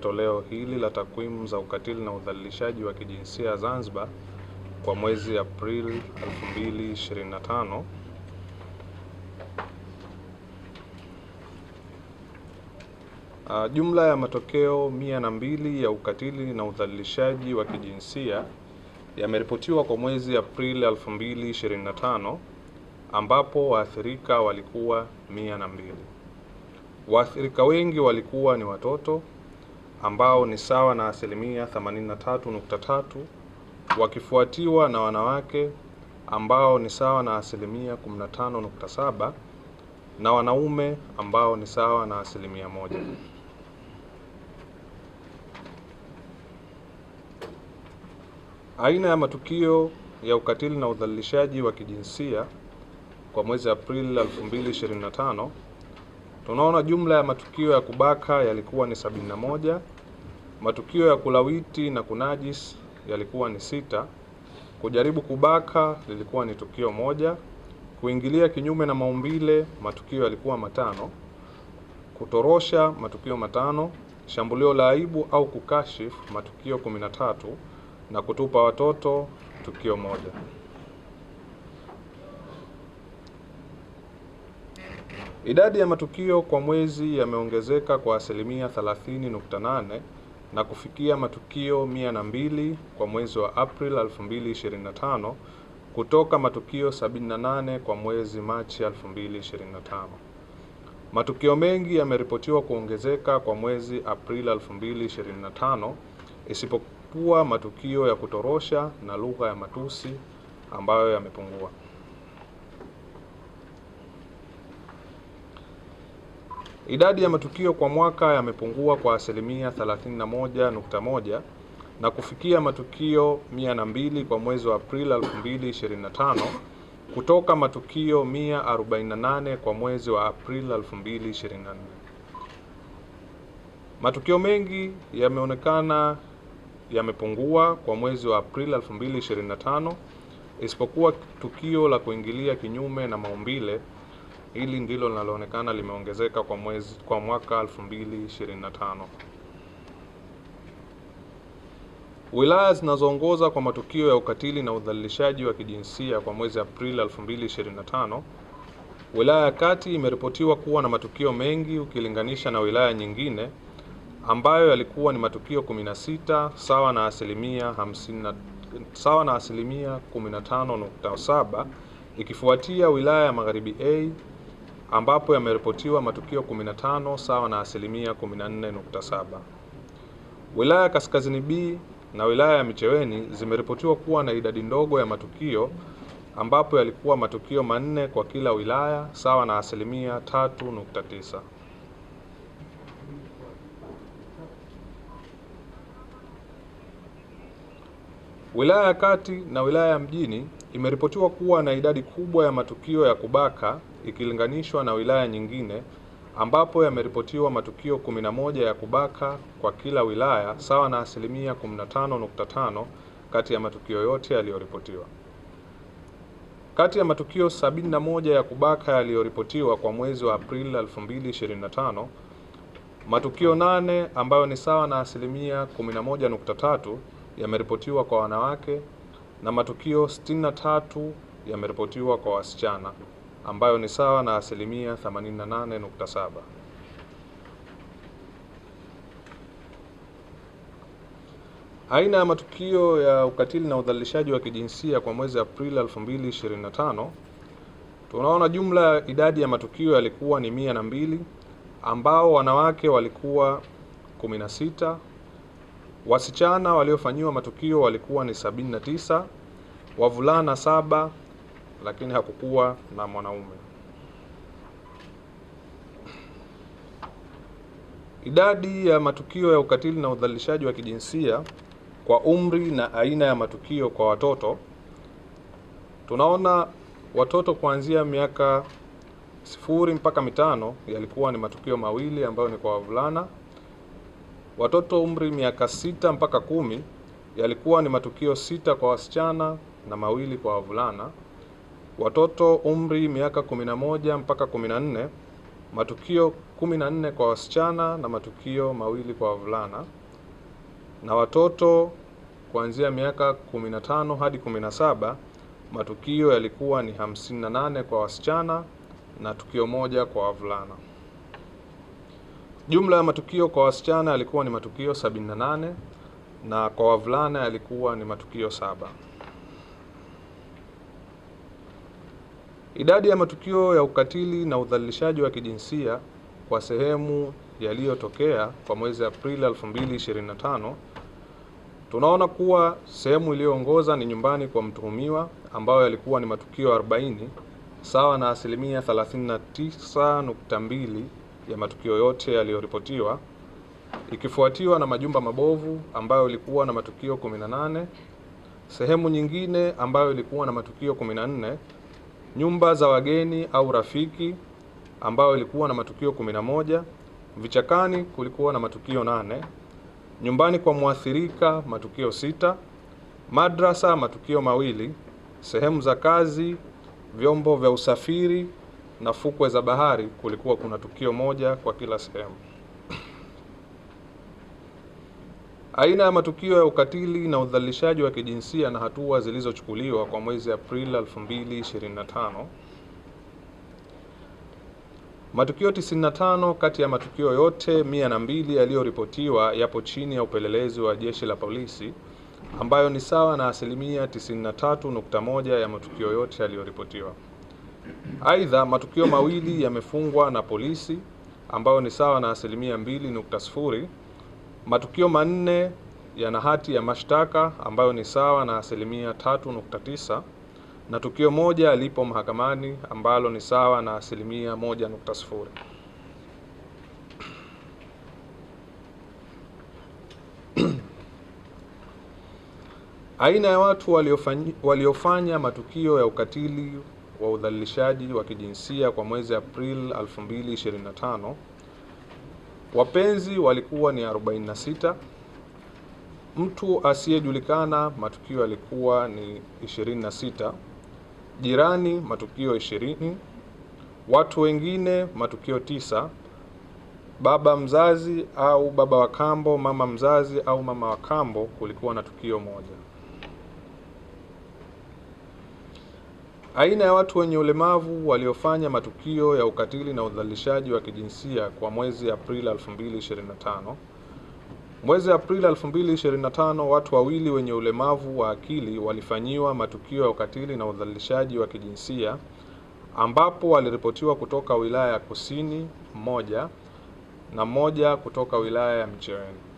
Toleo hili la takwimu za ukatili na udhalilishaji wa kijinsia Zanzibar kwa mwezi Aprili 2025 uh, ah, jumla ya matokeo 102 ya ukatili na udhalilishaji wa kijinsia yameripotiwa kwa mwezi Aprili 2025 ambapo waathirika walikuwa 102. Waathirika wengi walikuwa ni watoto ambao ni sawa na asilimia 83.3, wakifuatiwa na wanawake ambao ni sawa na asilimia 15.7 na wanaume ambao ni sawa na asilimia moja. Aina ya matukio ya ukatili na udhalilishaji wa kijinsia kwa mwezi Aprili 2025 Tunaona jumla ya matukio ya kubaka yalikuwa ni sabini na moja, matukio ya kulawiti na kunajis yalikuwa ni sita, kujaribu kubaka lilikuwa ni tukio moja, kuingilia kinyume na maumbile matukio yalikuwa matano, kutorosha matukio matano, shambulio la aibu au kukashifu matukio 13 na kutupa watoto tukio moja. Idadi ya matukio kwa mwezi yameongezeka kwa asilimia 30.8 na kufikia matukio 102 kwa mwezi wa Aprili 2025 kutoka matukio 78 kwa mwezi Machi 2025. Matukio mengi yameripotiwa kuongezeka kwa mwezi Aprili 2025 isipokuwa matukio ya kutorosha na lugha ya matusi ambayo yamepungua. Idadi ya matukio kwa mwaka yamepungua kwa asilimia 31.1 na kufikia matukio 102 kwa mwezi wa Aprili 2025 kutoka matukio 148 kwa mwezi wa Aprili 2024. Matukio mengi yameonekana yamepungua kwa mwezi wa Aprili 2025 isipokuwa tukio la kuingilia kinyume na maumbile Hili ndilo linaloonekana limeongezeka kwa mwezi kwa mwaka 2025. Wilaya zinazoongoza kwa matukio ya ukatili na udhalilishaji wa kijinsia kwa mwezi Aprili 2025, wilaya ya Kati imeripotiwa kuwa na matukio mengi ukilinganisha na wilaya nyingine ambayo yalikuwa ni matukio 16 sawa na asilimia 50 sawa na asilimia 15.7, ikifuatia wilaya ya Magharibi A ambapo yameripotiwa matukio 15 sawa na asilimia 14.7. Wilaya ya Kaskazini B na wilaya ya Micheweni zimeripotiwa kuwa na idadi ndogo ya matukio ambapo yalikuwa matukio manne kwa kila wilaya sawa na asilimia 3.9. Wilaya ya Kati na wilaya ya Mjini Imeripotiwa kuwa na idadi kubwa ya matukio ya kubaka ikilinganishwa na wilaya nyingine ambapo yameripotiwa matukio 11 ya kubaka kwa kila wilaya sawa na asilimia 15.5 kati ya matukio yote yaliyoripotiwa. Kati ya matukio 71 ya kubaka yaliyoripotiwa kwa mwezi wa Aprili 2025, matukio nane ambayo ni sawa na asilimia 11.3 yameripotiwa kwa wanawake na matukio 63 yameripotiwa kwa wasichana ambayo ni sawa na asilimia 88.7. Aina ya matukio ya ukatili na udhalilishaji wa kijinsia kwa mwezi Aprili 2025 tunaona jumla ya idadi ya matukio yalikuwa ni 102 ambao wanawake walikuwa 16 Wasichana waliofanyiwa matukio walikuwa ni sabini na tisa, wavulana saba, lakini hakukuwa na mwanaume. Idadi ya matukio ya ukatili na udhalilishaji wa kijinsia kwa umri na aina ya matukio kwa watoto, tunaona watoto kuanzia miaka sifuri mpaka mitano yalikuwa ni matukio mawili ambayo ni kwa wavulana Watoto umri miaka sita mpaka kumi yalikuwa ni matukio sita kwa wasichana na mawili kwa wavulana. Watoto umri miaka 11 mpaka 14 matukio 14 kwa wasichana na matukio mawili kwa wavulana, na watoto kuanzia miaka 15 hadi 17 matukio yalikuwa ni 58 kwa wasichana na tukio moja kwa wavulana. Jumla ya matukio kwa wasichana yalikuwa ni matukio 78 na kwa wavulana yalikuwa ni matukio saba. Idadi ya matukio ya ukatili na udhalilishaji wa kijinsia kwa sehemu yaliyotokea kwa mwezi Aprili 2025 tunaona kuwa sehemu iliyoongoza ni nyumbani kwa mtuhumiwa ambayo yalikuwa ni matukio 40 sawa na asilimia 39.2 ya matukio yote yaliyoripotiwa ikifuatiwa na majumba mabovu ambayo ilikuwa na matukio 18, sehemu nyingine ambayo ilikuwa na matukio 14, nyumba za wageni au rafiki ambayo ilikuwa na matukio 11, vichakani kulikuwa na matukio nane nyumbani kwa mwathirika matukio sita madrasa matukio mawili, sehemu za kazi, vyombo vya usafiri na fukwe za bahari kulikuwa kuna tukio moja kwa kila sehemu. Aina ya matukio ya ukatili na udhalilishaji wa kijinsia na hatua zilizochukuliwa kwa mwezi Aprili 2025. Matukio 95 kati ya matukio yote 102 yaliyoripotiwa yapo chini ya upelelezi wa Jeshi la Polisi ambayo ni sawa na asilimia 93.1 ya matukio yote yaliyoripotiwa. Aidha, matukio mawili yamefungwa na polisi ambayo ni sawa na asilimia mbili nukta sifuri. Matukio manne yana hati ya mashtaka ambayo ni sawa na asilimia tatu nukta tisa na tukio moja lipo mahakamani ambalo ni sawa na asilimia moja nukta sifuri. Aina ya watu waliofanya, waliofanya matukio ya ukatili wa udhalilishaji wa kijinsia kwa mwezi Aprili 2025, wapenzi walikuwa ni 46, mtu asiyejulikana matukio yalikuwa ni 26, jirani matukio 20, watu wengine matukio tisa, baba mzazi au baba wa kambo, mama mzazi au mama wa kambo kulikuwa na tukio moja. aina ya watu wenye ulemavu waliofanya matukio ya ukatili na udhalilishaji wa kijinsia kwa mwezi Aprili 2025. Mwezi Aprili 2025, watu wawili wenye ulemavu wa akili walifanyiwa matukio ya ukatili na udhalilishaji wa kijinsia ambapo waliripotiwa kutoka wilaya ya Kusini moja na moja kutoka wilaya ya Micheweni.